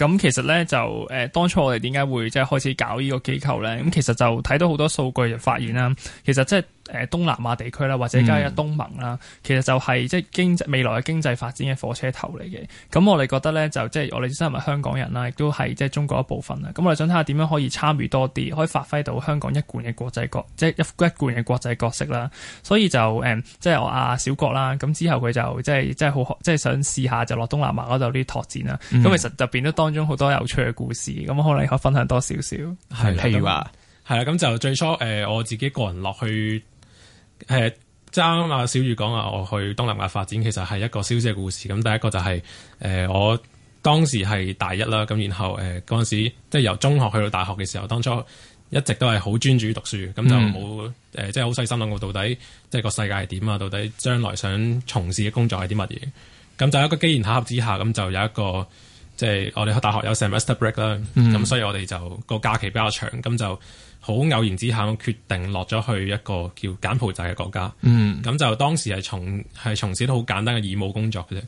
咁其實咧就誒、呃、當初我哋點解會即係開始搞呢個機構咧？咁其實就睇到好多數據就發現啦，其實即係。誒東南亞地區啦，或者加入東盟啦，嗯、其實就係即係經濟未來嘅經濟發展嘅火車頭嚟嘅。咁我哋覺得咧，就即係我哋本身係香港人啦，亦都係即係中國一部分啦。咁我哋想睇下點樣可以參與多啲，可以發揮到香港一貫嘅國際角，即係一貫嘅國際角色啦。所以就誒、嗯，即係我阿小國啦。咁之後佢就即係即係好即係想試下就落東南亞嗰度啲拓展啦。咁、嗯、其實就變咗當中好多有趣嘅故事。咁可能可以分享多少少？係、嗯，譬如話係啦，咁、嗯、就最初誒、呃、我自己個人落去。誒，即啱阿小雨講話，我去東南亞發展，其實係一個小小嘅故事。咁第一個就係、是，誒、呃，我當時係大一啦，咁然後誒嗰陣時，即係由中學去到大學嘅時候，當初一直都係好專注於讀書，咁就冇誒、呃，即係好細心諗我到底，即係個世界係點啊？到底將來想從事嘅工作係啲乜嘢？咁就一個機緣巧合之下，咁就有一個。即係我哋喺大學有 semester break 啦，咁、嗯、所以我哋就個假期比較長，咁就好偶然之下決定落咗去一個叫柬埔寨嘅國家，咁、嗯、就當時係從係從事啲好簡單嘅義務工作嘅啫，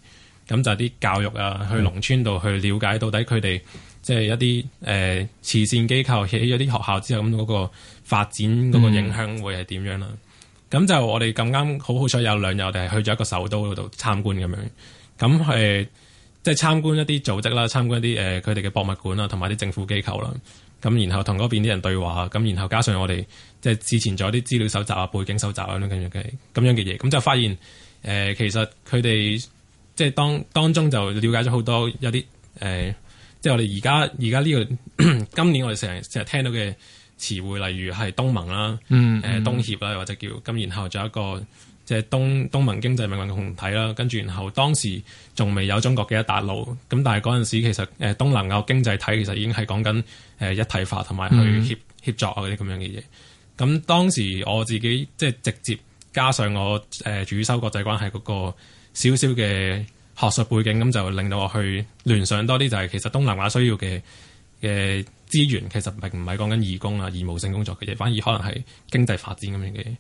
咁就啲教育啊，去農村度去了解到底佢哋即係一啲誒、呃、慈善機構起咗啲學校之後，咁嗰個發展嗰個影響會係點樣啦？咁、嗯、就我哋咁啱好好彩有兩日，我哋係去咗一個首都嗰度參觀咁樣，咁係。呃即係參觀一啲組織啦，參觀一啲誒佢哋嘅博物館啊，同埋啲政府機構啦，咁然後同嗰邊啲人對話，咁然後加上我哋即係之前做一啲資料搜集啊、背景搜集啊咁樣嘅嘢，咁就發現誒、呃、其實佢哋即係當當中就了解咗好多有啲誒，即係我哋而家而家呢個 今年我哋成日成日聽到嘅詞彙，例如係東盟啦，誒、嗯嗯呃、東協啦，或者叫咁，然後仲有一個。即係東東盟經濟命運共同體啦，跟住然後當時仲未有中國嘅一帶一路，咁但係嗰陣時其實誒東南亞經濟體其實已經係講緊誒一體化同埋去協協、嗯、作啊嗰啲咁樣嘅嘢。咁當時我自己即係直接加上我誒主修國際關係嗰個少少嘅學術背景，咁就令到我去聯想多啲，就係其實東南亞需要嘅嘅資源，其實並唔係講緊義工啊、義務性工作嘅嘢，反而可能係經濟發展咁樣嘅嘢。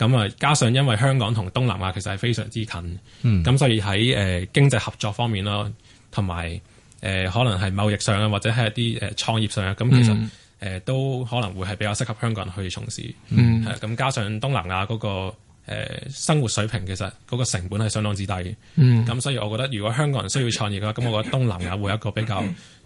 咁啊，加上因為香港同東南亞其實係非常之近，咁、嗯、所以喺誒經濟合作方面咯，同埋誒可能係貿易上啊，或者係一啲誒創業上啊，咁其實誒都可能會係比較適合香港人去從事。嗯，咁加上東南亞嗰個誒生活水平，其實嗰個成本係相當之低嘅。嗯，咁所以我覺得如果香港人需要創業嘅話，咁我覺得東南亞會一個比較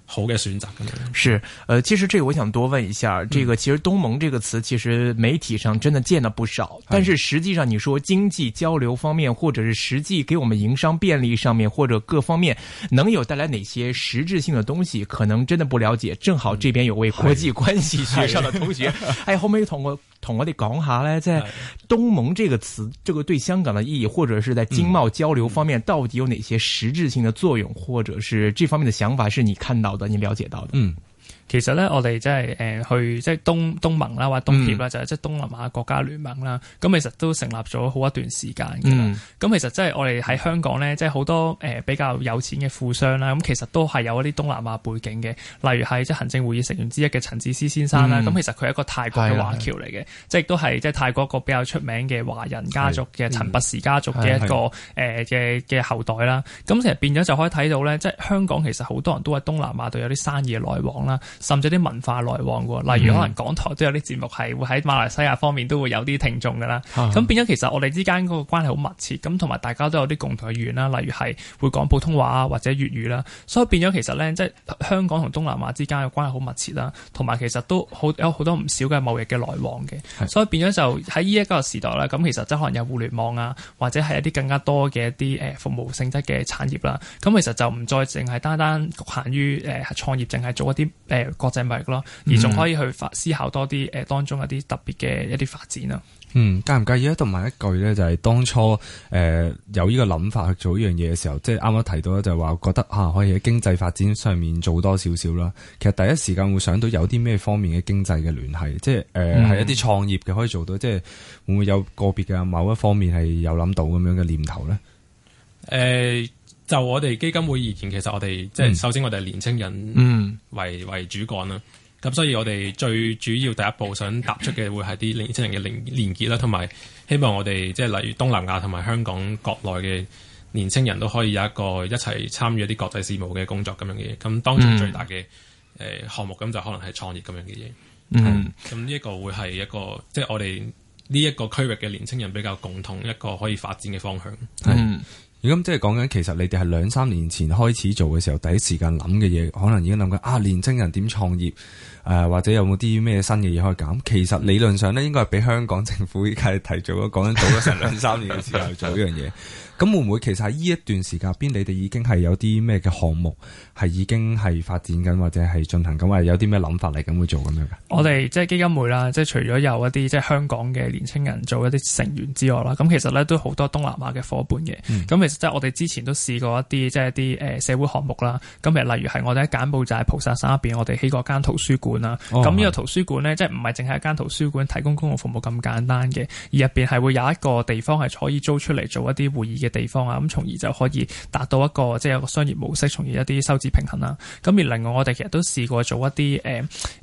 好的選擇、嗯、是，呃，其實這個我想多問一下，這個其實東盟這個詞其實媒體上真的見了不少，嗯、但是實際上你說經濟交流方面，或者是實際給我們營商便利上面，或者各方面能有帶來哪些實質性的東西，可能真的不了解。正好這邊有位國際關係學上的同學，嗯嗯、 哎，後面又同我同我哋講下咧，在東盟這個詞，這個對香港的意義，或者是在經貿交流方面，嗯嗯、到底有哪些實質性的作用，或者是這方面的想法，是你看到？好的，你了解到的，嗯。其實咧，我哋即係誒去即係東東盟啦，或者東協啦，嗯、就係即係東南亞國家聯盟啦。咁其實都成立咗好一段時間嘅。咁、嗯、其實即係我哋喺香港咧，即係好多誒比較有錢嘅富商啦。咁其實都係有一啲東南亞背景嘅。例如係即係行政會議成員之一嘅陳智思先生啦。咁、嗯、其實佢係一個泰國嘅華僑嚟嘅，即係都係即係泰國一個比較出名嘅華人家族嘅陳拔氏家族嘅一個誒嘅嘅後代啦。咁其實變咗就可以睇到咧，即係香港其實好多人都喺東南亞度有啲生意嘅來往啦。甚至啲文化來往喎，例如可能港台都有啲節目係會喺馬來西亞方面都會有啲聽眾㗎啦，咁、嗯、變咗其實我哋之間嗰個關係好密切，咁同埋大家都有啲共同嘅語言啦，例如係會講普通話或者粵語啦，所以變咗其實咧即係香港同東南亞之間嘅關係好密切啦，同埋其實都好有好多唔少嘅貿易嘅來往嘅，是所以變咗就喺呢一個時代咧，咁其實即可能有互聯網啊，或者係一啲更加多嘅一啲誒服務性質嘅產業啦，咁其實就唔再淨係單單局限於誒創業，淨係做一啲誒。呃國際貿易咯，而仲可以去發思考多啲，誒當中一啲特別嘅一啲發展咯。嗯，介唔介意咧？同埋問一句咧，就係、是、當初誒、呃、有呢個諗法去做呢樣嘢嘅時候，即係啱啱提到咧，就話、是、覺得吓、啊、可以喺經濟發展上面做多少少啦。其實第一時間會想到有啲咩方面嘅經濟嘅聯繫，即係誒係一啲創業嘅可以做到，嗯、即係會唔會有個別嘅某一方面係有諗到咁樣嘅念頭咧？誒、呃。就我哋基金會而言，其實我哋即係首先我哋係年青人為、嗯、為主幹啦。咁所以，我哋最主要第一步想踏出嘅會係啲年青人嘅連連結啦，同埋希望我哋即係例如東南亞同埋香港國內嘅年青人都可以有一個一齊參與一啲國際事務嘅工作咁樣嘅嘢。咁當中最大嘅誒項目咁就可能係創業咁樣嘅嘢。嗯，咁呢、嗯嗯、一個會係一個即係我哋呢一個區域嘅年青人比較共同一個可以發展嘅方向。嗯。嗯。咁即係講緊，其實你哋係兩三年前開始做嘅時候，第一時間諗嘅嘢，可能已經諗緊啊，年輕人點創業？誒，或者有冇啲咩新嘅嘢可以搞？其實理論上咧，應該係比香港政府依家提早咗講早咗成兩三年嘅時候去 做呢樣嘢。咁會唔會其實喺呢一段時間入邊，你哋已經係有啲咩嘅項目係已經係發展緊，或者係進行緊，或有啲咩諗法嚟，咁去做咁樣噶我哋即係基金會啦，即係除咗有一啲即係香港嘅年青人做一啲成員之外啦，咁其實咧都好多東南亞嘅伙伴嘅。咁、嗯、其實即係我哋之前都試過一啲即係一啲誒社會項目啦。今日例如係我哋喺柬埔寨菩薩省入邊，我哋起嗰間圖書館。啦，咁呢、哦、個圖書館呢，的即係唔係淨係一間圖書館提供公共服務咁簡單嘅，而入邊係會有一個地方係可以租出嚟做一啲會議嘅地方啊，咁從而就可以達到一個即係一個商業模式，從而一啲收支平衡啦。咁而另外，我哋其實都試過做一啲誒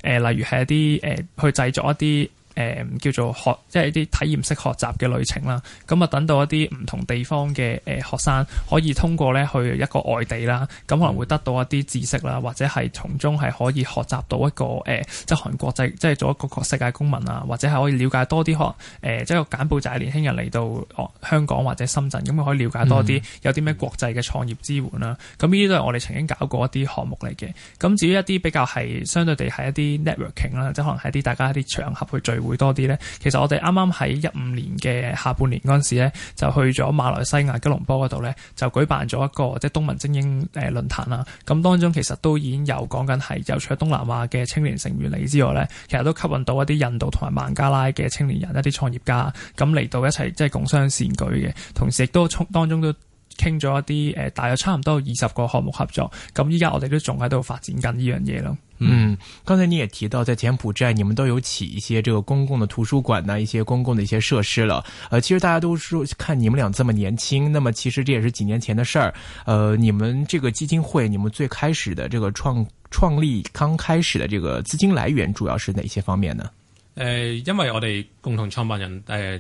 誒，例如係一啲誒、呃、去製作一啲。誒、呃、叫做學即係一啲體驗式學習嘅旅程啦，咁啊等到一啲唔同地方嘅誒、呃、學生，可以通過咧去一個外地啦，咁可能會得到一啲知識啦，或者係從中係可以學習到一個誒即係韓國製，即係做一個世界公民啊，或者係可以了解多啲學誒即係柬埔寨就係年輕人嚟到香港或者深圳，咁可以了解多啲有啲咩國際嘅創業支援啦。咁呢啲都係我哋曾經搞過一啲項目嚟嘅。咁至於一啲比較係相對地係一啲 networking 啦，即係可能係啲大家一啲場合去聚。會多啲呢？其實我哋啱啱喺一五年嘅下半年嗰陣時呢，就去咗馬來西亞吉隆坡嗰度呢，就舉辦咗一個即係東盟精英誒論壇啦。咁當中其實都已經有講緊係，有除咗東南亞嘅青年成員嚟之外呢，其實都吸引到一啲印度同埋孟加拉嘅青年人一啲創業家咁嚟到一齊即係共商善舉嘅，同時亦都當中都，傾咗一啲誒、呃，大約差唔多二十個項目合作，咁依家我哋都仲喺度發展緊呢樣嘢咯。嗯，剛才你也提到，在柬埔寨，你們都有起一些這個公共嘅圖書館呢，啊，一些公共嘅一些設施了，呃。其實大家都說，看你們倆這麼年輕，那麼其實這也是幾年前的事兒。呃，你們這個基金會，你們最開始的這個創創立，剛開始的這個資金來源，主要是哪些方面呢？誒、呃，因為我哋共同創辦人，誒、呃，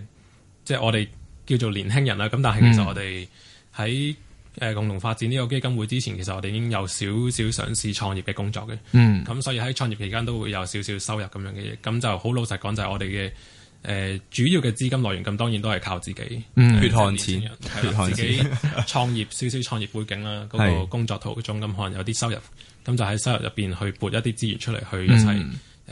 即係我哋叫做年輕人啦。咁但係其實我哋喺誒共同發展呢個基金會之前，其實我哋已經有少少嘗試創業嘅工作嘅。嗯，咁所以喺創業期間都會有少少收入咁樣嘅嘢，咁就好老實講就係我哋嘅誒主要嘅資金來源咁，當然都係靠自己，嗯、自己血汗錢，吧自己血汗錢。創業 少少創業背景啦，嗰、那個工作途中咁可能有啲收入，咁就喺收入入邊去撥一啲資源出嚟、嗯、去一齊。誒，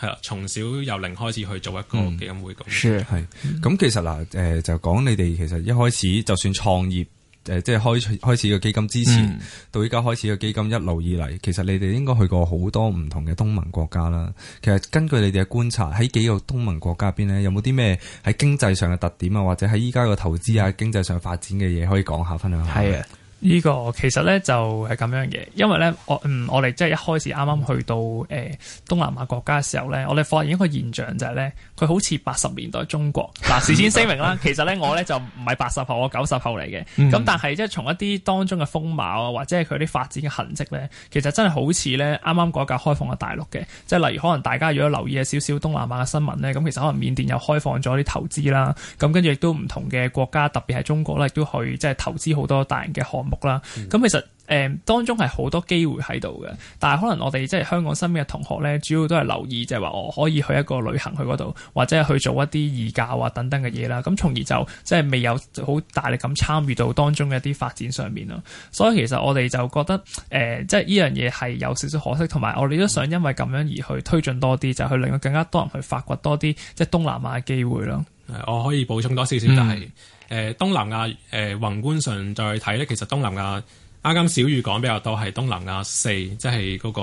係啦，從小由零開始去做一個基金會，係、嗯。咁、嗯、其實嗱，誒、呃、就講你哋其實一開始就算創業，誒即係開開始個基金之前，嗯、到依家開始個基金一路以嚟，其實你哋應該去過好多唔同嘅東盟國家啦。其實根據你哋嘅觀察，喺幾個東盟國家入邊呢，有冇啲咩喺經濟上嘅特點啊，或者喺依家個投資啊、經濟上發展嘅嘢可以講下分享下？係啊。呢、這個其實咧就係、是、咁樣嘅，因為咧我嗯我哋即係一開始啱啱去到誒、呃、東南亞國家嘅時候咧，我哋發現一個現象就係、是、咧，佢好似八十年代中國嗱。事先聲明啦， 其實咧我咧就唔係八十後，我九十後嚟嘅，咁、嗯、但係即係從一啲當中嘅風貌啊，或者係佢啲發展嘅痕跡咧，其實真係好似咧啱啱改革開放嘅大陸嘅，即係例如可能大家如果留意一少少東南亞嘅新聞咧，咁其實可能緬甸又開放咗啲投資啦，咁跟住亦都唔同嘅國家，特別係中國咧，亦都去即係投資好多大型嘅項目。啦，咁、嗯、其實誒、呃、當中係好多機會喺度嘅，但係可能我哋即係香港身邊嘅同學咧，主要都係留意即係話我可以去一個旅行去嗰度，或者去做一啲義教啊等等嘅嘢啦，咁從而就即係未有好大力咁參與到當中嘅一啲發展上面咯。所以其實我哋就覺得誒、呃，即係呢樣嘢係有少少可惜，同埋我哋都想因為咁樣而去推進多啲，嗯、就去令到更加多人去發掘多啲即係東南亞嘅機會咯。我可以補充多少少，但係、嗯。誒、呃，東南亞誒、呃、宏觀上再睇咧，其實東南亞啱啱小宇講比較多係東南亞四、那個，即係嗰個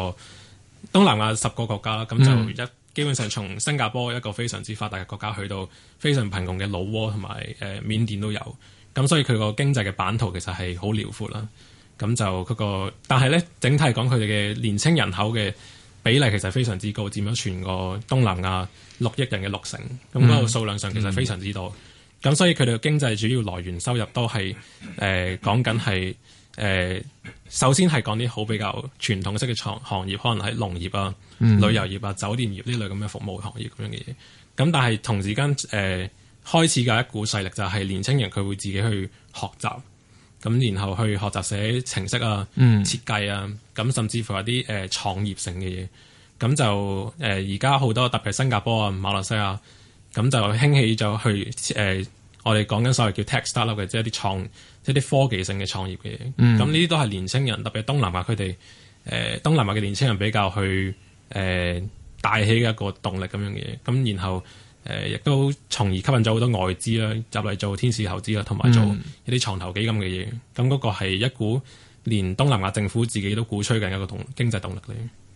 東南亞十個國家啦。咁、嗯、就一基本上從新加坡一個非常之發達嘅國家，去到非常貧窮嘅老撾同埋誒緬甸都有。咁所以佢個經濟嘅版圖其實係好遼闊啦。咁就嗰、那個，但係呢，整體講佢哋嘅年輕人口嘅比例其實非常之高，佔咗全個東南亞六億人嘅六成。咁嗰個數量上其實非常之多。嗯嗯咁所以佢哋嘅經濟主要來源收入都係誒、呃、講緊係誒首先係講啲好比較傳統式嘅廠行業，可能係農業啊、嗯、旅遊業啊、酒店業呢類咁嘅服務行業咁樣嘅嘢。咁但係同時間誒、呃、開始嘅一股勢力就係年輕人佢會自己去學習，咁然後去學習寫程式啊、嗯、設計啊，咁甚至乎有啲誒創業性嘅嘢。咁就誒而家好多特別係新加坡啊、馬來西亞。咁就興起就去誒、呃、我哋講緊所謂叫 tech startup 嘅，即係一啲創即係啲科技性嘅創業嘅嘢。咁呢啲都係年青人，特別東南亞佢哋誒東南亞嘅年青人比較去誒、呃、帶起嘅一個動力咁樣嘅。咁然後誒、呃、亦都從而吸引咗好多外資啦，入嚟做天使投資啦，同埋做一啲創投基金咁嘅嘢。咁嗰、嗯、個係一股連東南亞政府自己都鼓吹緊一個同經濟動力嚟。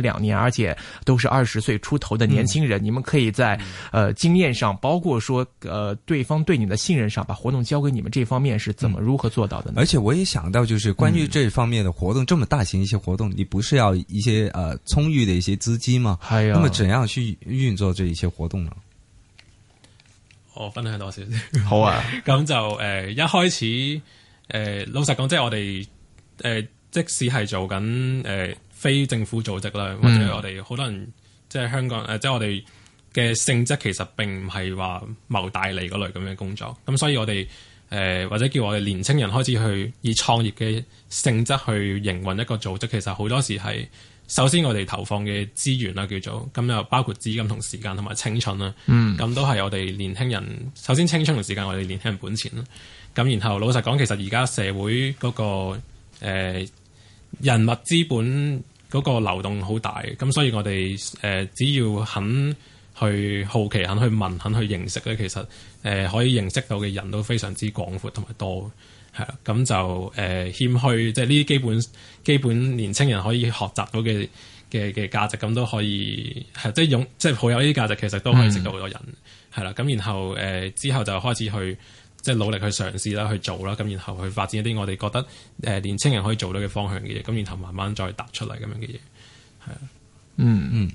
兩年，而且都是二十歲出頭的年輕人。嗯、你們可以在，嗯、呃，經驗上，包括說，呃，對方對你的信任上，把活動交給你們，這方面是怎麼如何做到的、嗯？而且我也想到，就是關於這方面的活動，嗯、這麼大型一些活動，你不是要一些，呃，充裕的一些資金嗎？啊、那麼怎樣去運作這一些活動呢？我分享多少 好啊。 咁就，誒，一開始，誒，老實講，即係我哋，誒，即使係做緊，誒。非政府組織啦，或者我哋好多人即係香港，誒、呃，即係我哋嘅性質其實並唔係話謀大利嗰類咁嘅工作。咁所以我哋誒、呃、或者叫我哋年輕人開始去以創業嘅性質去營運一個組織，其實好多時係首先我哋投放嘅資源啦，叫做咁又包括資金同時間同埋青春啦。咁、嗯、都係我哋年輕人首先青春同時間，我哋年輕人本錢啦。咁然後老實講，其實而家社會嗰、嗰個、呃、人物資本。嗰個流動好大嘅，咁所以我哋誒、呃、只要肯去好奇、肯去問、肯去認識咧，其實誒、呃、可以認識到嘅人都非常之廣闊同埋多，係啦。咁就誒、呃、謙虛，即係呢啲基本基本年青人可以學習到嘅嘅嘅價值，咁都可以係即係擁即係好有呢啲價值，其實都可以認識到好多人，係啦、嗯。咁然後誒、呃、之後就開始去。即係努力去嘗試啦，去做啦，咁然後去發展一啲我哋覺得誒年輕人可以做到嘅方向嘅嘢，咁然後慢慢再凸出嚟咁樣嘅嘢，係啊、嗯，嗯嗯。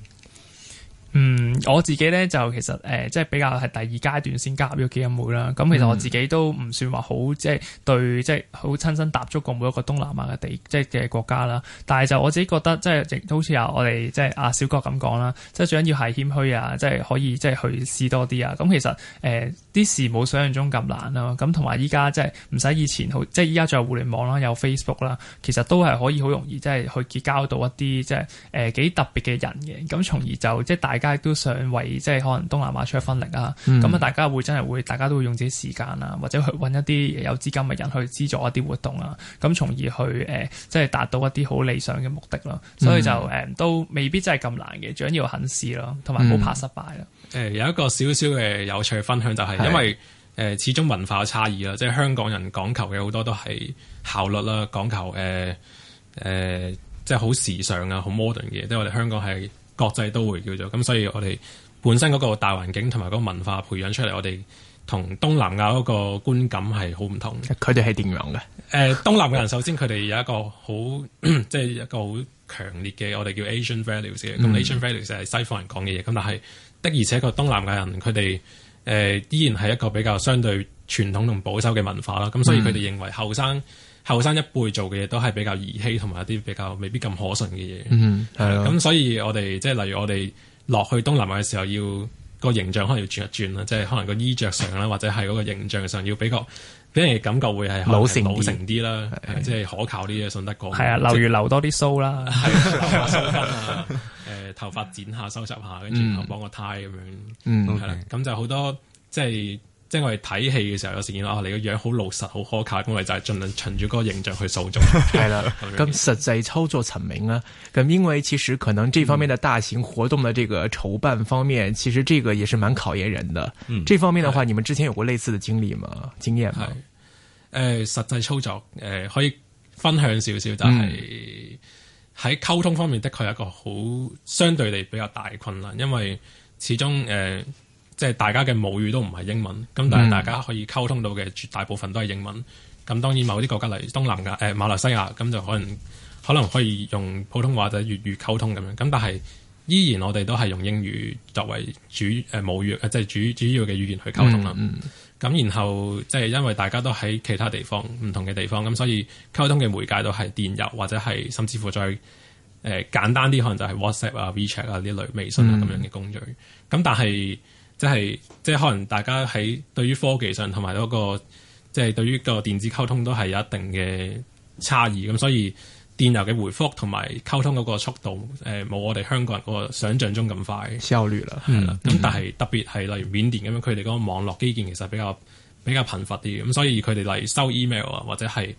嗯，我自己咧就其實誒、呃，即係比較係第二階段先加入咗基金會啦。咁其實我自己都唔算話好，即係對，即係好親身踏足過每一個東南亞嘅地，即係嘅國家啦。但係就我自己覺得，即係亦好似啊我哋即係阿小郭咁講啦，即係最緊要係謙虛啊，即係可以即係去試多啲啊。咁其實誒啲、呃、事冇想象中咁難啦。咁同埋依家即係唔使以前好，即係依家仲有互聯網啦，有 Facebook 啦，其實都係可以好容易即係去結交到一啲即係誒幾特別嘅人嘅。咁從而就即係大。大家都想為即係可能東南亞出一分力啊！咁啊、嗯，大家會真係會，大家都會用自己時間啊，或者去搵一啲有資金嘅人去資助一啲活動啊，咁從而去誒，即係達到一啲好理想嘅目的咯。所以就誒、嗯呃，都未必真係咁難嘅，最緊要要肯試咯，同埋唔好怕失敗咯。誒、嗯呃，有一個少少嘅有趣嘅分享就係、是，因為誒是、呃，始終文化嘅差異啦，即係香港人講求嘅好多都係效率啦，講求誒誒、呃呃，即係好時尚啊，好 modern 嘅，即係我哋香港係。國際都會叫做咁，所以我哋本身嗰個大環境同埋嗰文化培養出嚟，我哋同東南亞嗰個觀感係好唔同。佢哋係點樣嘅？誒、呃，東南亞人首先佢哋有一個好，即係、 就是、一個好強烈嘅，我哋叫 Asian values 嘅。咁 Asian values 係西方人講嘅嘢。咁、嗯、但係的而且確東南亞人佢哋誒依然係一個比較相對傳統同保守嘅文化啦。咁所以佢哋認為後生，後生一輩做嘅嘢都係比較兒戲，同埋一啲比較未必咁可信嘅嘢。嗯，係啦。咁、啊、所以我哋即係例如我哋落去東南亞嘅時候要，要個形象可能要轉一轉啦，即係可能個衣着上啦，或者係嗰個形象上，要比較俾人嘅感覺會係老成啲啦，即係可靠啲嘅，信得過。係啊，例如留多啲鬚啦，誒 頭髮剪下收拾下，跟住幫個 tie 咁樣。嗯，啦、嗯，咁就好多即係。即係我哋睇戲嘅時候有，有時見到啊，你個樣好老實，好可靠，咁我哋就係盡量循住嗰個形象去塑造。係啦，咁實際操作層面咧，咁因為其實可能這方面嘅大型活動嘅這個籌辦方面，其實呢個也是蠻考驗人嘅。呢方面嘅話，你們之前有過類似嘅經歷嗎？經驗係，誒，實際操作誒，可以分享少少，就是，就係喺溝通方面，的確係一個好相對嚟比較大困難，因為始終誒。呃即係大家嘅母語都唔係英文，咁但係大家可以溝通到嘅絕大部分都係英文。咁當然某啲國家嚟東南亞，誒馬來西亞，咁就可能可能可以用普通話或者粵語溝通咁樣。咁但係依然我哋都係用英語作為主誒母語，即係主主要嘅語言去溝通啦。咁、嗯嗯、然後即係因為大家都喺其他地方、唔同嘅地方，咁所以溝通嘅媒介都係電郵或者係甚至乎再誒、呃、簡單啲，可能就係 WhatsApp 啊、WeChat 啊呢類微信啊咁樣嘅工具。咁、嗯、但係即係即係可能大家喺對於科技上同埋嗰個即係對於個電子溝通都係有一定嘅差異咁，所以電郵嘅回覆同埋溝通嗰個速度誒，冇、呃、我哋香港人嗰個想像中咁快。效率啦，係啦的。咁、嗯嗯、但係特別係例如緬甸咁樣，佢哋嗰個網絡基建其實比較比較貧乏啲咁，所以佢哋例如收 email 啊或者係。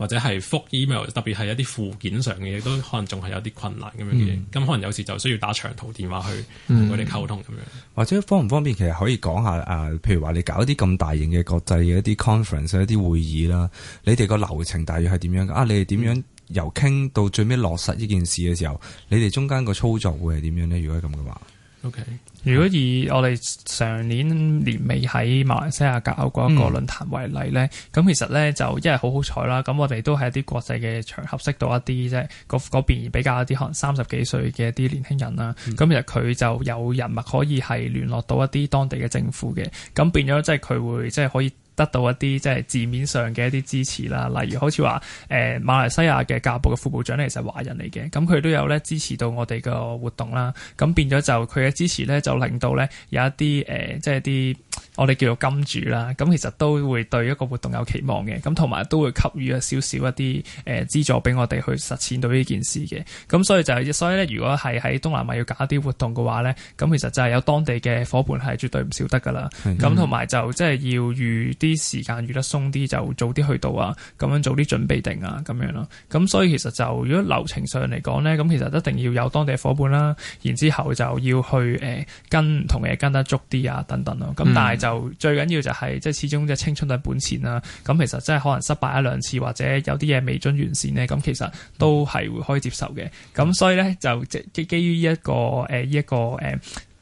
或者係覆 email，特別係一啲附件上嘅嘢，都可能仲係有啲困難咁樣嘅，咁、嗯、可能有時就需要打長途電話去同佢哋溝通咁樣、嗯。或者方唔方便，其實可以講下誒、啊，譬如話你搞一啲咁大型嘅國際嘅一啲 conference、一啲會議啦，你哋個流程大約係點樣？啊，你哋點樣由傾到最尾落實呢件事嘅時候，你哋中間個操作會係點樣呢？如果係咁嘅話。OK，如果以我哋上年年尾喺馬來西亞搞過一個論壇為例咧，咁、嗯、其實咧就因為一係好好彩啦。咁我哋都係一啲國際嘅場合識到一啲啫，嗰邊比較一啲可能三十幾歲嘅一啲年輕人啦。咁、嗯、其實佢就有人脈可以係聯絡到一啲當地嘅政府嘅，咁變咗即係佢會即係可以。得到一啲即係字面上嘅一啲支持啦，例如好似話誒馬來西亞嘅教育部嘅副部長咧，其實華人嚟嘅，咁佢都有咧支持到我哋嘅活動啦。咁變咗就佢嘅支持咧，就令到咧有一啲誒、呃、即係啲我哋叫做金主啦。咁其實都會對一個活動有期望嘅，咁同埋都會給予少少一啲誒資助俾我哋去實踐到呢件事嘅。咁、嗯、所以就係所以咧，如果係喺東南亞要搞一啲活動嘅話咧，咁其實就係有當地嘅夥伴係絕對唔少得噶啦。咁同埋就即係要預啲。啲時間預得鬆啲就早啲去到啊，咁樣早啲準備定啊，咁樣咯。咁所以其實就如果流程上嚟講咧，咁其實一定要有當地嘅夥伴啦。然之後就要去誒、呃、跟同嘢跟得足啲啊，等等咯。咁但係就最緊要就係即係始終即係青春係本錢啦。咁其實真係可能失敗一兩次或者有啲嘢未臻完善咧，咁其實都係會可以接受嘅。咁、嗯、所以咧就基基於呢一個誒呢一個誒呢一個。呃一個呃一個呃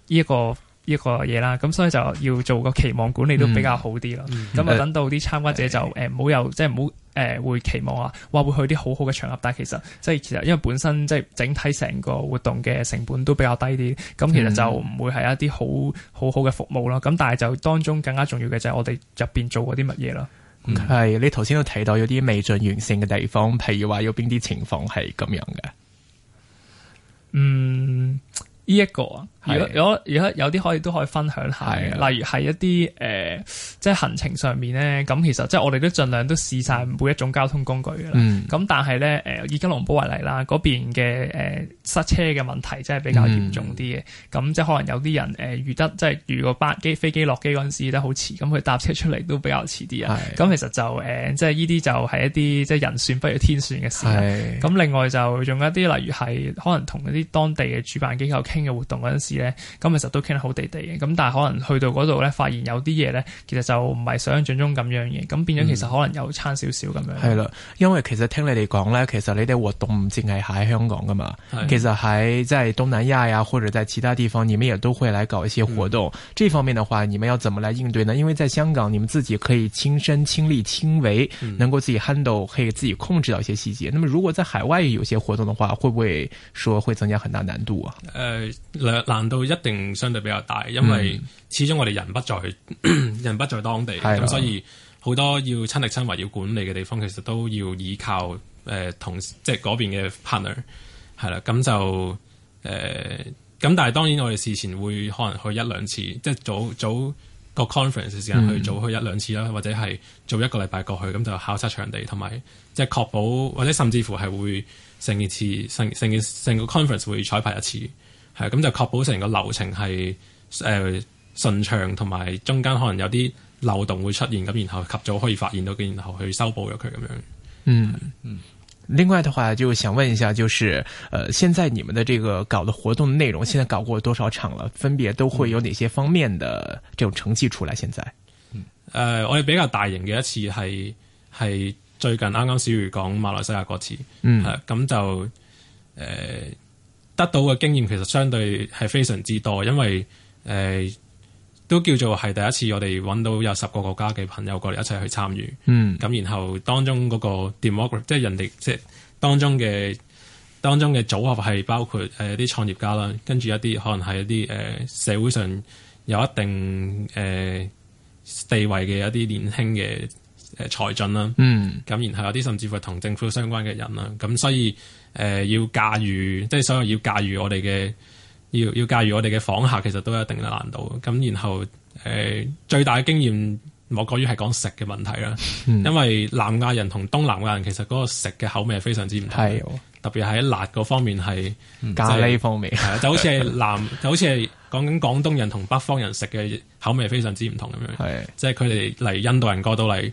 一個一個嘢啦，咁所以就要做個期望管理都比較好啲咯。咁啊、嗯，嗯、等到啲參加者就唔好、呃呃、有即係唔好誒會期望啊，話會去啲好好嘅場合，但係其實即係其實因為本身即係整體成個活動嘅成本都比較低啲，咁其實就唔會係一啲好好好嘅服務咯。咁但係就當中更加重要嘅就係我哋入邊做過啲乜嘢咯。係、嗯、你頭先都提到有啲未盡完善嘅地方，譬如話有邊啲情況係咁樣嘅。嗯。呢一、這個啊，如果如果如果有啲可以都可以分享下，的例如係一啲誒、呃，即係行程上面咧，咁其實即係我哋都盡量都試晒每一種交通工具噶啦，咁、嗯、但係咧誒，以吉隆坡為例啦，嗰邊嘅誒。呃塞車嘅問題真係比較嚴重啲嘅，咁、嗯、即係可能有啲人誒預、呃、得即係預個班機飛機落機嗰陣時得好遲，咁佢搭車出嚟都比較遲啲啊。咁是的 其實就誒、呃、即係呢啲就係一啲即係人算不如天算嘅事。咁是的 另外就仲有一啲例如係可能同嗰啲當地嘅主辦機構傾嘅活動嗰陣時咧，咁其實都傾得好地地嘅。咁但係可能去到嗰度咧，發現有啲嘢咧，其實就唔係想象中咁樣嘅，咁變咗其實可能有差少少咁樣。係啦，因為其實聽你哋講咧，其實你哋活動唔淨係喺香港㗎嘛。的或者還在東南亞呀，或者在其他地方，你們也都會來搞一些活動。這方面的話，你們要怎麼來應對呢？因為在香港，你們自己可以親身親力親為，能夠自己 handle，可以自己控制到一些細節。那麼如果在海外有些活動的話，會不會說會增加很大難度啊？誒，難度一定相對比較大，因為始終我哋人不在，人不在當地，咁所以好多要親力親為要管理嘅地方，其實都要依靠誒同即係嗰邊嘅 partner。係啦，咁就誒，咁、呃、但係當然我哋事前會可能去一兩次，即係早早個 conference 嘅時間去早去一兩次啦，或者係早一個禮拜過去，咁就考察場地同埋，即係確保，或者甚至乎係會成件事成成件成個 conference 會彩排一次，係咁就確保成個流程係誒、呃、順暢，同埋中間可能有啲漏洞會出現，咁然後及早可以發現到，然後去修補咗佢咁樣嗯。嗯。另外的話就想問一下，就是，呃，現在你們的這個搞的活動的內容，現在搞過多少場了？分別都會有哪些方面的這種成績出來？現在？誒、呃，我哋比較大型嘅一次係係最近啱啱小魚講馬來西亞嗰次，嗯，咁、啊、就誒、呃、得到嘅經驗其實相對係非常之多，因為誒。呃都叫做係第一次，我哋揾到有十個國家嘅朋友過嚟一齊去參與。嗯，咁然後當中嗰個 demographic，即係人哋即係當中嘅當中嘅組合係包括誒啲、呃、創業家啦，跟住一啲可能係一啲誒、呃、社會上有一定誒、呃、地位嘅一啲年輕嘅誒才俊啦。嗯，咁然後有啲甚至乎係同政府相關嘅人啦。咁所以誒、呃、要駕馭，即、就、係、是、所有要駕馭我哋嘅。要要介入我哋嘅房客，其實都有一定嘅難度。咁然後誒、呃，最大嘅經驗莫過於係講食嘅問題啦。嗯、因為南亞人同東南亞人其實嗰個食嘅口味係非常之唔同，的特別喺辣嗰方面係咖喱方面，就好似係南，就好似係講緊廣東人同北方人食嘅口味非常之唔同咁樣。係即係佢哋嚟印度人過到嚟。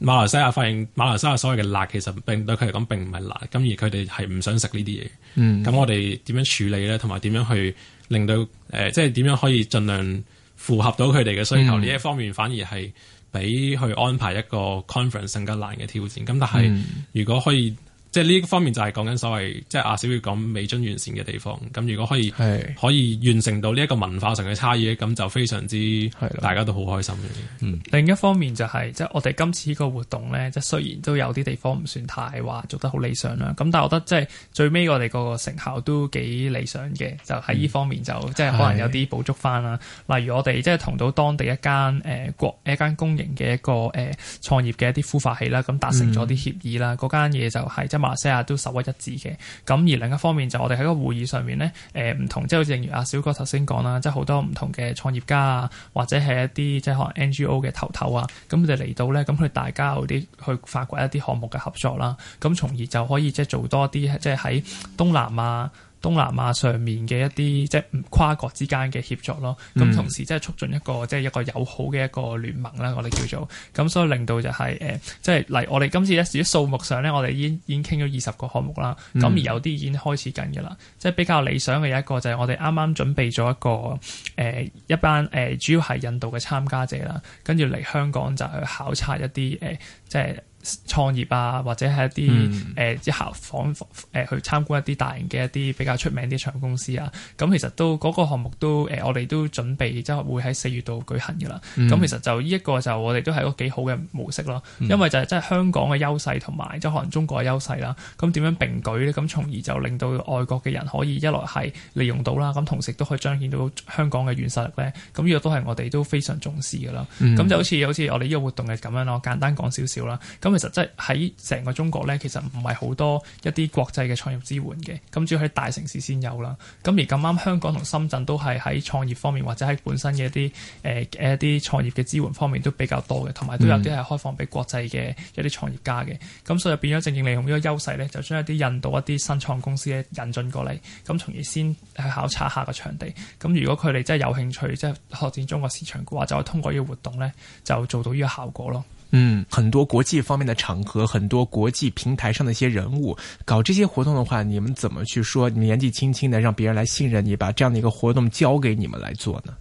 馬來西亞發現馬來西亞所謂嘅辣其實對並對佢嚟講並唔係辣，咁而佢哋係唔想食呢啲嘢。咁、嗯、我哋點樣處理咧？同埋點樣去令到誒，即係點樣可以盡量符合到佢哋嘅需求？呢、嗯、一方面反而係俾去安排一個 conference 更加難嘅挑戰。咁但係如果可以。即係呢一方面就係講緊所謂即係阿小月講美中完善嘅地方。咁如果可以的可以完成到呢一個文化上嘅差異咧，咁就非常之係，是的 大家都好開心嘅。是的 嗯、另一方面就係、是、即係我哋今次呢個活動咧，即係雖然都有啲地方唔算太話做得好理想啦。咁但係我覺得即係最尾我哋個成效都幾理想嘅。就喺呢方面就、嗯、即係可能有啲補足翻啦。是的 例如我哋即係同到當地一間誒、呃、國一間公營嘅一個誒、呃、創業嘅一啲孵化器啦，咁達成咗啲協議啦。嗰、嗯、間嘢就係係。馬來西亞都首屈一指嘅，咁而另一方面就我哋喺個會議上面咧，誒、呃、唔同即係好似正如阿小哥頭先講啦，即係好多唔同嘅創業家啊，或者係一啲即係可能 NGO 嘅頭頭啊，咁佢哋嚟到咧，咁佢哋大家嗰啲去發掘一啲項目嘅合作啦，咁從而就可以即係做多啲，即係喺東南亞。東南亞上面嘅一啲即係跨國之間嘅協作咯，咁、嗯、同時即係促進一個即係一個友好嘅一個聯盟啦，我哋叫做咁，所以令到就係、是、誒、呃，即係嚟我哋今次一時數目上咧，我哋已經已經傾咗二十個項目啦，咁、嗯、而有啲已經開始緊嘅啦，即係比較理想嘅一個就係我哋啱啱準備咗一個誒、呃、一班誒、呃、主要係印度嘅參加者啦，跟住嚟香港就去考察一啲誒、呃、即係。創業啊，或者係一啲誒一客訪誒去參觀一啲大型嘅一啲比較出名啲廠公司啊，咁其實都嗰、那個項目都誒、呃、我哋都準備即係、就是、會喺四月度舉行㗎喇。咁、嗯、其實就呢一、這個就我哋都係一個幾好嘅模式咯，因為就係即係香港嘅優勢同埋即係可能中國嘅優勢啦。咁點樣並舉咧？咁從而就令到外國嘅人可以一來係利用到啦，咁同時都可以彰顯到香港嘅軟實力咧。咁呢個都係我哋都非常重視㗎喇。咁、嗯、就好似、嗯、好似我哋呢個活動係咁樣咯，簡單講少少啦。咁其實即係喺成個中國咧，其實唔係好多一啲國際嘅創業支援嘅，咁主要喺大城市先有啦。咁而咁啱香港同深圳都係喺創業方面或者喺本身嘅一啲誒嘅一啲創業嘅支援方面都比較多嘅，同埋都有啲係開放俾國際嘅一啲創業家嘅。咁、嗯、所以變咗正正利用呢個優勢咧，就將一啲印度一啲新創公司咧引進過嚟，咁從而先去考察下個場地。咁如果佢哋真係有興趣即係拓展中國市場嘅話，就可以通過呢個活動咧，就做到呢個效果咯。嗯，很多國際方面的場合，很多國際平台上的一些人物搞這些活動的話，你們怎麼去說？你年紀輕輕的，讓別人來信任你，把這樣的一個活動交給你們來做呢？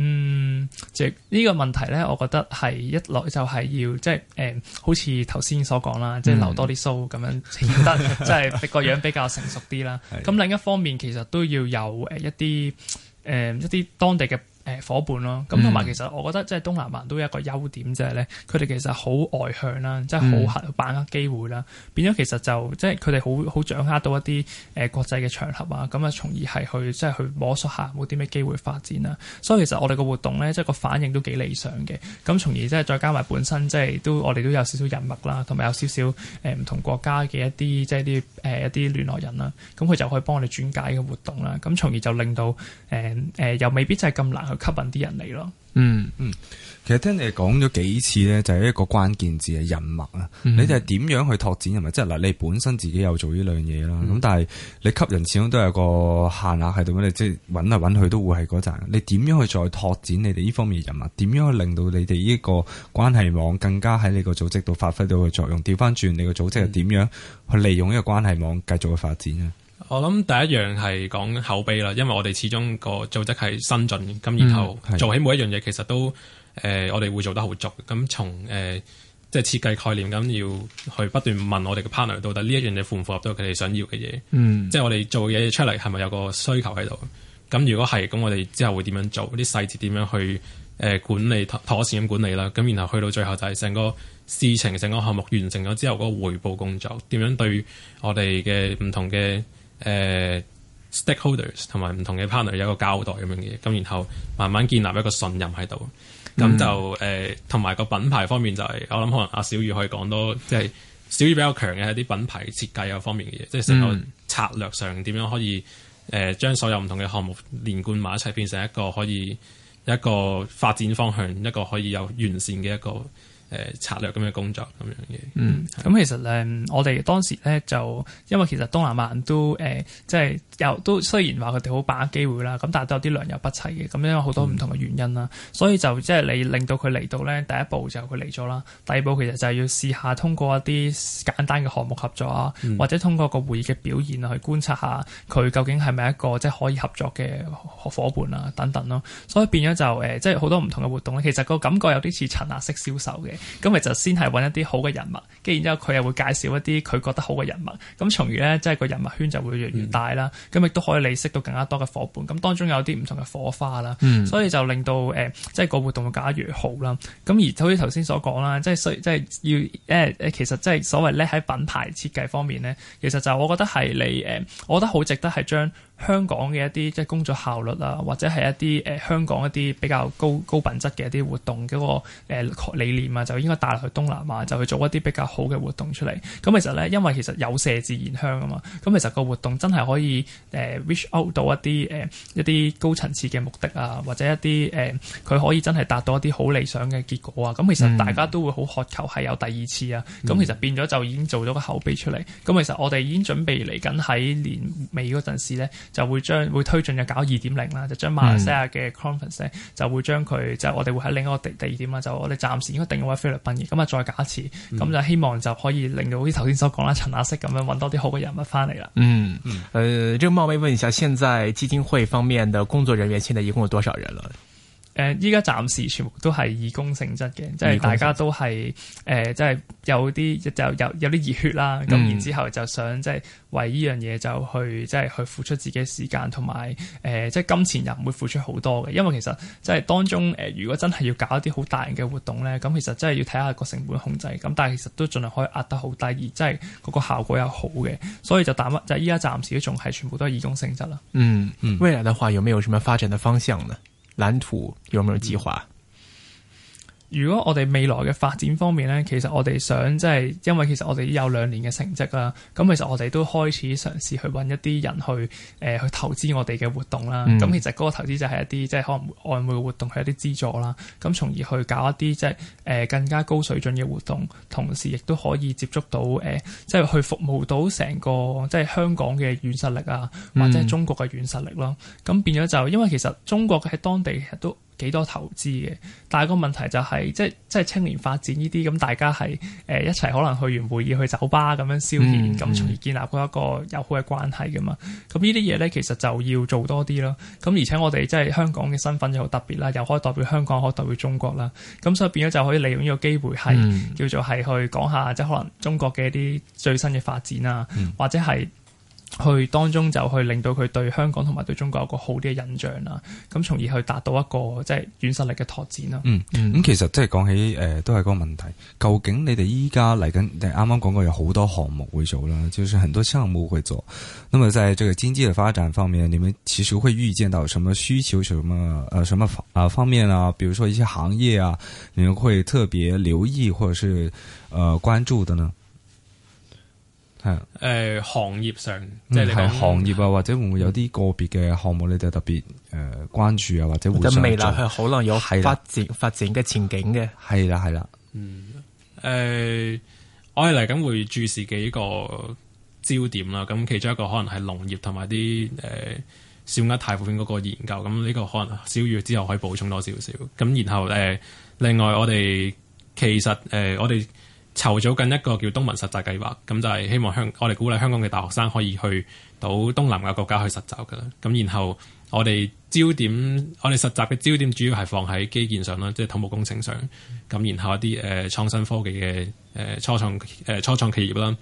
嗯，即係呢個問題呢，我覺得係一來就係要即係誒，好似頭先所講啦，即係留多啲鬚咁樣顯，顯得即係個樣比較成熟啲啦。咁 的另一方面，其實都要有誒、呃、一啲誒、呃、一啲當地嘅。誒夥伴咯，咁同埋其實我覺得即係東南亞都有一個優點，就係咧，佢哋其實好外向啦，即係好把握機會啦，變咗其實就即係佢哋好好掌握到一啲誒國際嘅場合啊，咁啊從而係去即係、就是、去摸索下冇啲咩機會發展啦。所以其實我哋個活動咧，即、就、係、是、個反應都幾理想嘅，咁從而即係再加埋本身即係、就是、都我哋都有少少人脈啦，同埋有少少誒唔、呃、同國家嘅一啲即係啲誒一啲、呃、聯絡人啦，咁佢就可以幫我哋轉解嘅活動啦，咁從而就令到誒誒、呃呃呃、又未必真係咁難去。吸引啲人嚟咯，嗯嗯，其實聽你講咗幾次咧，就係、是、一個關鍵字係人脈啦。嗯、你哋點樣去拓展人脈？即係嗱，你本身自己有做呢樣嘢啦，咁、嗯、但係你吸引人始終都有個限額喺度，你即係揾嚟揾去都會係嗰陣。你點樣去再拓展你哋呢方面嘅人脈？點樣去令到你哋呢個關係網更加喺你個組織度發揮到嘅作用？調翻轉你個組織係點樣去利用呢個關係網繼續去發展啊？嗯嗯我諗第一樣係講口碑啦，因為我哋始終個組織係新進，咁然後、嗯、做起每一樣嘢，其實都誒、呃、我哋會做得好足。咁從誒即係設計概念，咁要去不斷問我哋嘅 partner，到底呢一樣嘢符唔符合到佢哋想要嘅嘢？嗯、即係我哋做嘢出嚟係咪有個需求喺度？咁如果係，咁我哋之後會點樣做？啲細節點樣去誒、呃、管理妥善咁管理啦。咁然後去到最後就係成個事情，成個項目完成咗之後嗰、那個回報工作，點樣對我哋嘅唔同嘅，誒、呃、stakeholders 同埋唔同嘅 partner 有一個交代咁樣嘅嘢，咁然後慢慢建立一個信任喺度，咁、嗯、就誒同埋個品牌方面就係、是、我諗，可能阿小雨可以講多即係小雨比較強嘅係啲品牌設計嗰方面嘅嘢，即係成個策略上點樣可以誒、呃、將所有唔同嘅項目連貫埋一齊，變成一個可以一個發展方向，一個可以有完善嘅一個。呃、策略咁嘅工作咁樣嘅，嗯，咁、嗯嗯、其實咧，我哋當時咧就因為其實東南亞人都誒，即係又都雖然話佢哋好把握機會啦，咁但係都有啲良莠不齊嘅，咁因為好多唔同嘅原因啦，嗯、所以就即係、就是、你令到佢嚟到咧，第一步就佢嚟咗啦，第二步其實就係要試下通過一啲簡單嘅項目合作啊，或者通過個會議嘅表現去觀察下佢究竟係咪一個即係、就是、可以合作嘅伙伴啦等等咯、啊，所以變咗就誒，即係好多唔同嘅活動其實個感覺有啲似層壓式銷售嘅。咁咪就先係揾一啲好嘅人物，跟住然之後佢又會介紹一啲佢覺得好嘅人物，咁從而咧即係個人物圈就會越嚟越大啦。咁亦都可以嚟識到更加多嘅伙伴，咁當中有啲唔同嘅火花啦，嗯、所以就令到誒、呃、即係個活動會搞得越好啦。咁而就好似頭先所講啦，即係需即係要誒誒、呃，其實即係所謂咧喺品牌設計方面咧，其實就我覺得係你誒、呃，我覺得好值得係將。香港嘅一啲即係工作效率啊，或者係一啲誒、呃、香港一啲比較高高品質嘅一啲活動嗰個、呃、理念啊，就應該帶落去東南亞就去做一啲比較好嘅活動出嚟。咁其實咧，嗯、因為其實有麝自然香啊嘛，咁其實個活動真係可以誒、呃、reach out 到一啲誒、呃、一啲高層次嘅目的啊，或者一啲誒佢可以真係達到一啲好理想嘅結果啊。咁其實大家都會好渴求係有第二次啊。咁、嗯嗯、其實變咗就已經做咗個口碑出嚟。咁其實我哋已經準備嚟緊喺年尾嗰陣時咧。就會將會推進就搞二點零啦，就將馬來西亞嘅 conference、嗯、就會將佢就係我哋會喺另一個地地點啦，就我哋暫時應該定位喺菲律賓嘅，咁啊再搞一次，咁、嗯、就希望就可以令到好似頭先所講啦，陳亞飾咁樣搵多啲好嘅人物翻嚟啦。嗯，誒、嗯，就冒昧問一下，現在基金會方面嘅工作人員，現在一共有多少人啦？誒，依家暫時全部都係義工性質嘅，即係大家都係誒，即、呃、係、就是、有啲就有有啲熱血啦。咁、嗯、然之後就想即係、就是、為呢樣嘢就去即係、就是、去付出自己時間同埋誒，即係、呃就是、金錢又唔會付出好多嘅。因為其實即係、就是、當中誒、呃，如果真係要搞一啲好大型嘅活動咧，咁其實真係要睇下個成本控制。咁但係其實都盡量可以壓得好低，而即係嗰個效果又好嘅。所以就打乜？即依家暫時都仲係全部都係義工性質啦、嗯。嗯嗯，未來嘅話有冇有什麼發展嘅方向呢？藍圖有沒有計劃？如果我哋未來嘅發展方面咧，其實我哋想即係，因為其實我哋已有兩年嘅成績啦，咁其實我哋都開始嘗試去搵一啲人去誒、呃、去投資我哋嘅活動啦。咁其實嗰個投資就係一啲即係可能外匯活動，係、嗯、一啲資助啦。咁從而去搞一啲即係誒更加高水準嘅活動，同時亦都可以接觸到誒、呃，即係去服務到成個即係香港嘅軟實力啊，或者中國嘅軟實力啦。咁變咗就因為其實中國喺當地其實都幾多投資嘅，但係個問題就係、是，即係即係青年發展呢啲咁，大家係誒、呃、一齊可能去完會議去酒吧咁樣消遣，咁、嗯、從而建立嗰一個友好嘅關係噶嘛。咁呢啲嘢咧，其實就要做多啲咯。咁而且我哋即係香港嘅身份又好特別啦，又可以代表香港，可以代表中國啦。咁所以變咗就可以利用呢個機會係、嗯、叫做係去講下即係可能中國嘅一啲最新嘅發展啊，嗯、或者係。去當中就去令到佢對香港同埋對中國有個好啲嘅印象啦，咁從而去達到一個即係軟實力嘅拓展啦。嗯，咁其實即係講起誒、呃，都係個問題。究竟你哋依家嚟緊，啱啱講過有好多項目會做啦，就算，是，很多項目會做，咁啊，在這個經濟嘅發展方面，你們其實會預見到什麼需求，什麼誒、呃，什麼啊方面啊，比如說一些行業啊，你們會特別留意，或者是誒、呃、關注的呢？係誒、呃，行業上即係、嗯、你係行業啊，或者會唔會有啲個別嘅項目你，你就特別誒關注啊，或者或者未來係可能有發展的發展嘅前景嘅，係啦係啦。嗯，誒、呃，我係嚟緊會注視幾個焦點啦。咁其中一個可能係農業同埋啲誒小額貸款嗰個研究。咁呢個可能小月之後可以補充多少少。咁然後誒、呃，另外我哋其實誒、呃，我哋。籌組緊一個叫東盟實習計劃，咁就係希望香我哋鼓勵香港嘅大學生可以去到東南亞國家去實習嘅啦。咁然後我哋焦點，我哋實習嘅焦點主要係放喺基建上啦，即係土木工程上。咁然後一啲誒、呃、創新科技嘅誒、呃、初創誒、呃、初創企業啦，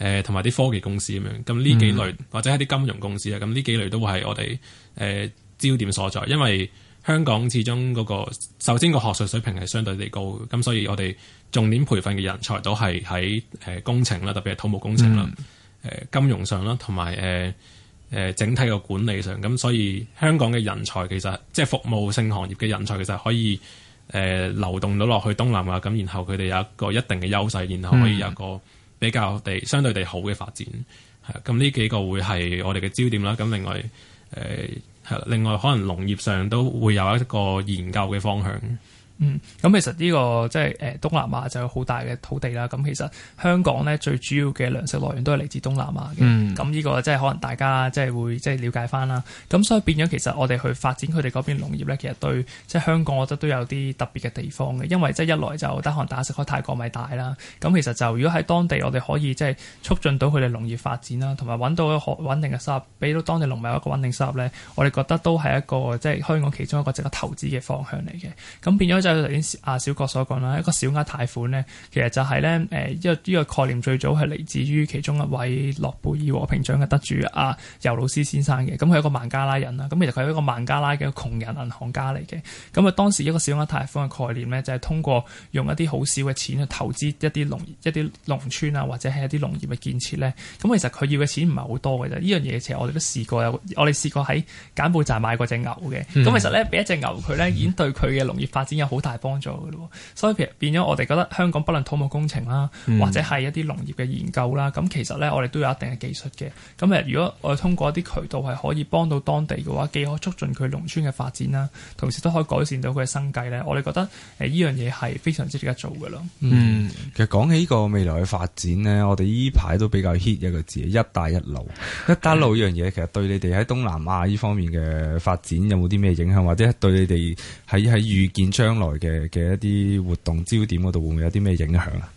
誒同埋啲科技公司咁樣。咁呢幾類、嗯、或者係啲金融公司啊，咁呢幾類都會係我哋誒、呃、焦點所在，因為，香港始終嗰、嗰個首先個學術水平係相對地高，咁所以我哋重點培訓嘅人才都係喺誒工程啦，特別係土木工程啦、誒、嗯呃、金融上啦，同埋誒誒整體嘅管理上。咁所以香港嘅人才其實即係服務性行業嘅人才，其實可以誒、呃、流動到落去東南亞，咁然後佢哋有一個一定嘅優勢，然後可以有一個比較地相對地好嘅發展。咁呢、嗯、幾個會係我哋嘅焦點啦。咁另外誒。呃係啦，另外可能農業上都會有一個研究嘅方向。嗯，咁其實呢個即係誒東南亞就有好大嘅土地啦。咁其實香港咧最主要嘅糧食來源都係嚟自東南亞嘅。咁嗯、呢個即係可能大家即係會即係了解翻啦。咁所以變咗其實我哋去發展佢哋嗰邊農業咧，其實對即係香港我覺得都有啲特別嘅地方嘅。因為即係一來就得閒打食開泰國米大啦。咁其實就如果喺當地我哋可以即係促進到佢哋農業發展啦，同埋揾到一個穩定嘅收入，俾到當地農民一個穩定收入咧，我哋覺得都係一個即係香港其中一個值得投資嘅方向嚟嘅。咁變咗就是。頭先阿小郭所講啦，一個小額貸款咧，其實就係咧誒，呢個呢個概念最早係嚟自於其中一位諾貝爾和平獎嘅得主阿、啊、尤老師先生嘅。咁佢係一個孟加拉人啦，咁、嗯、其實佢係一個孟加拉嘅窮人銀行家嚟嘅。咁、嗯、啊，當時一個小額貸款嘅概念咧，就係通過用一啲好少嘅錢去投資一啲農一啲農村啊，或者係一啲農業嘅建設咧。咁、嗯嗯嗯、其實佢要嘅錢唔係好多嘅啫。呢樣嘢其實我哋都試過，我哋試過喺柬埔寨買過隻牛嘅。咁其實咧，俾一隻牛佢咧，嗯、呢已經對佢嘅農業發展有好。大幫助嘅咯，所以其實變咗我哋覺得香港不論土木工程啦，或者係一啲農業嘅研究啦，咁其實咧我哋都有一定嘅技術嘅。咁誒，如果我哋通過一啲渠道係可以幫到當地嘅話，既可以促進佢農村嘅發展啦，同時都可以改善到佢嘅生計咧。我哋覺得誒依樣嘢係非常之值得做嘅咯。嗯，其實講起依個未來嘅發展咧，我哋依排都比較 hit 一個字，一帶一路。一帶一路呢樣嘢其實對你哋喺東南亞呢方面嘅發展有冇啲咩影響，或者對你哋喺喺預見將來嘅嘅一啲活動焦點嗰度會唔會有啲咩影響啊？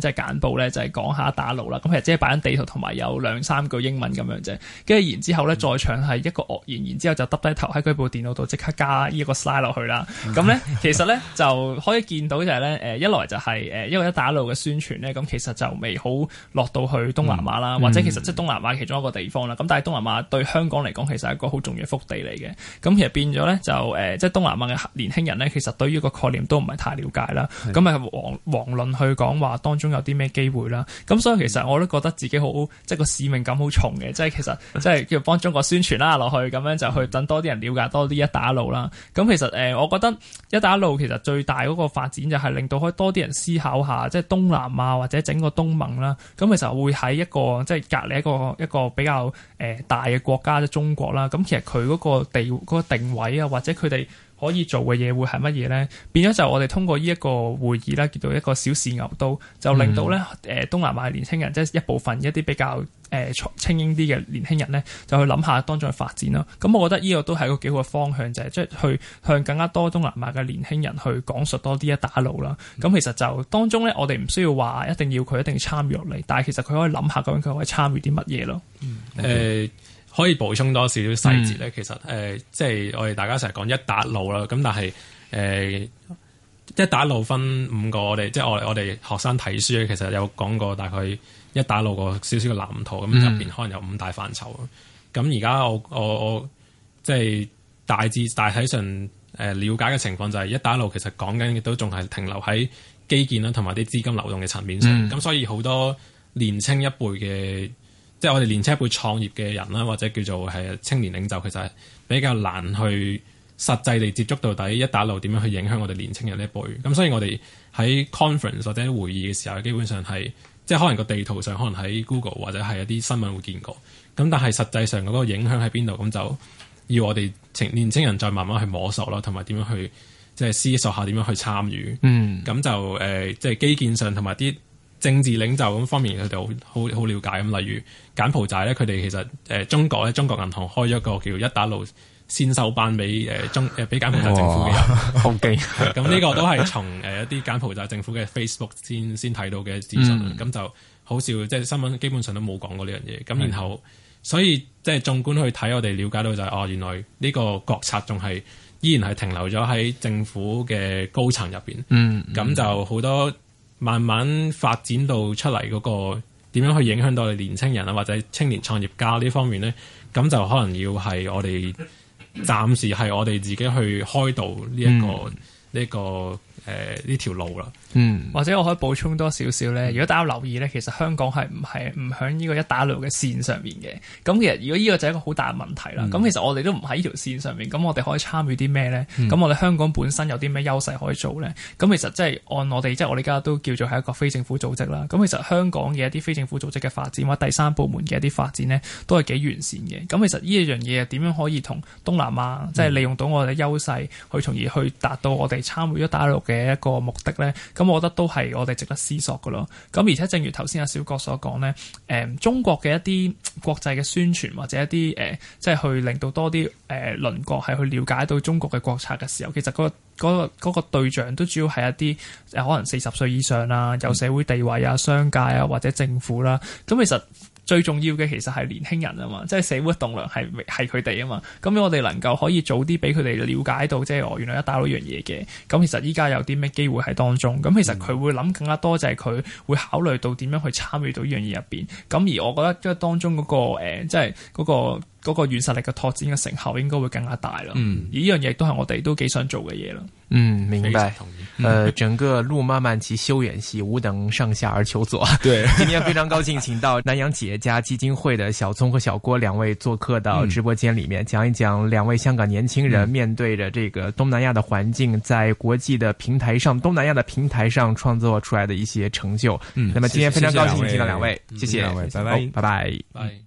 即係簡報咧，就係講下打腦啦。咁其實即係擺緊地圖同埋有兩三句英文咁樣啫。跟住然之後咧，再唱係一個愕然，然之後就耷低頭喺佢部電腦度即刻加一個 slide 落去啦。咁咧那，嗯、其實咧 就可以見到就係、是、咧，誒一來就係誒因為一打腦嘅宣傳咧，咁其實就未好落到去東南亞啦，嗯嗯、或者其實即係東南亞其中一個地方啦。咁但係東南亞對香港嚟講其實係一個好重要嘅福地嚟嘅。咁其實變咗咧就誒，即、呃、係、就是、東南亞嘅年輕人咧，其實對於個概念都唔係太了解啦。咁咪妄妄論去講話當中有啲咩機會啦？咁所以其實我都覺得自己好，即、就、係、是、個使命感好重嘅。即係其實即係叫幫中國宣傳啦落去，咁樣就去等多啲人了解多啲一帶一路啦。咁其實誒、呃，我覺得一帶一路其實最大嗰個發展就係令到可以多啲人思考下，即係東南亞或者整個東盟啦。咁其實會喺一個即係、就是、隔籬一個一個比較誒、呃、大嘅國家即、就是、中國啦。咁其實佢嗰個地嗰、那個、定位啊，或者佢哋。可以做嘅嘢會係乜嘢呢？變咗就我哋通過呢一個會議啦，見到一個小試牛刀，就令到咧誒東南亞年輕人即係、嗯、一部分一啲比較誒精、呃、英啲嘅年輕人呢，就去諗下當中嘅發展啦。咁我覺得呢個都係一個幾好嘅方向，就係即係去向更加多東南亞嘅年輕人去講述多啲一打路啦。咁、嗯、其實就當中呢，我哋唔需要話一定要佢一定要參與落嚟，但係其實佢可以諗下究竟佢可以參與啲乜嘢咯。嗯，嗯呃可以補充多少少細節咧？嗯、其實誒，即、呃、係、就是、我哋大家成日講一帶一路啦，咁但係誒、呃、一帶一路分五個，我哋即係我我哋學生睇書其實有講過大概一帶一路個少少嘅藍圖，咁入邊可能有五大範疇。咁而家我我我即係、就是、大致大體上誒瞭解嘅情況就係一帶一路其實講緊亦都仲係停留喺基建啦，同埋啲資金流動嘅層面上。咁、嗯、所以好多年青一輩嘅。即係我哋年青一輩創業嘅人啦，或者叫做係青年領袖，其實係比較難去實際地接觸到底一帶一路點樣去影響我哋年青人呢一輩。咁所以我哋喺 conference 或者會議嘅時候，基本上係即係可能個地圖上可能喺 Google 或者係一啲新聞會見過。咁但係實際上嗰個影響喺邊度，咁就要我哋年青人再慢慢去摸索咯，同埋點樣去即係思索下點樣去參與。嗯，咁就誒、呃，即係基建上同埋啲。政治領袖咁方面，佢哋好好好了解咁。例如柬埔寨咧，佢哋其實誒、呃，中國咧，中國銀行開咗一個叫一打路先修班俾誒、呃、中誒，俾柬埔寨政府嘅。好勁哇！咁呢 個都係從誒一啲柬埔寨政府嘅 Facebook 先先睇到嘅資訊。咁、嗯、就好少，即係新聞基本上都冇講過呢樣嘢。咁然後，嗯、所以即係縱觀去睇，我哋了解到就係、是、哦，原來呢個國策仲係依然係停留咗喺政府嘅高層入邊。嗯、咁、嗯嗯、就好多。慢慢發展到出嚟嗰個點樣去影響到我哋年青人啊，或者青年創業家呢方面咧，咁就可能要係我哋暫時係我哋自己去開導呢一個呢、嗯這個誒呢、呃、條路啦。嗯，或者我可以補充多少少咧。如果大家留意咧，其實香港係唔係唔喺呢個一帶一路嘅線上面嘅。咁其實如果呢個就係一個好大嘅問題啦。咁、嗯、其實我哋都唔喺呢條線上面。咁我哋可以參與啲咩咧？咁、嗯、我哋香港本身有啲咩優勢可以做咧？咁其實即係按我哋即係我哋而家都叫做係一個非政府組織啦。咁其實香港嘅一啲非政府組織嘅發展或者第三部門嘅一啲發展咧，都係幾完善嘅。咁其實呢一樣嘢係點樣可以同東南亞即係、就是、利用到我哋優勢、嗯、去從而去達到我哋參與一帶一路嘅一個目的咧？咁咁，我覺得都係我哋值得思索嘅咯。咁而且正如頭先阿小郭所講咧，誒、嗯，中國嘅一啲國際嘅宣傳或者一啲誒、呃、即係去令到多啲誒鄰國係去了解到中國嘅國策嘅時候，其實嗰個嗰個嗰個對象都主要係一啲誒可能四十歲以上啦、啊，有社會地位啊、商界啊或者政府啦、啊。咁、嗯嗯、其實。最重要嘅其實係年輕人啊嘛，即係社會動量係係佢哋啊嘛，咁我哋能夠可以早啲俾佢哋了解到，即係我原來一打到依樣嘢嘅，咁其實依家有啲咩機會喺當中，咁其實佢會諗更加多就係佢會考慮到點樣去參與到依樣嘢入邊，咁而我覺得即係當中嗰個即係嗰個。呃嗰個軟實力嘅拓展嘅成效應該會更加大咯。嗯，而呢樣嘢都係我哋都幾想做嘅嘢咯。嗯，明白。誒，整個路漫漫其修遠兮，吾等上下而求索。對，今天非常高興請到南洋企業家基金會嘅小聰和小郭兩位做客到直播間裏面，講一講兩位香港年輕人面對着這個東南亞的環境，在國際的平台上、東南亞的平台上創作出來的一些成就。嗯，那麼今天非常高興請到兩位，謝謝，兩位，拜拜，拜拜，拜。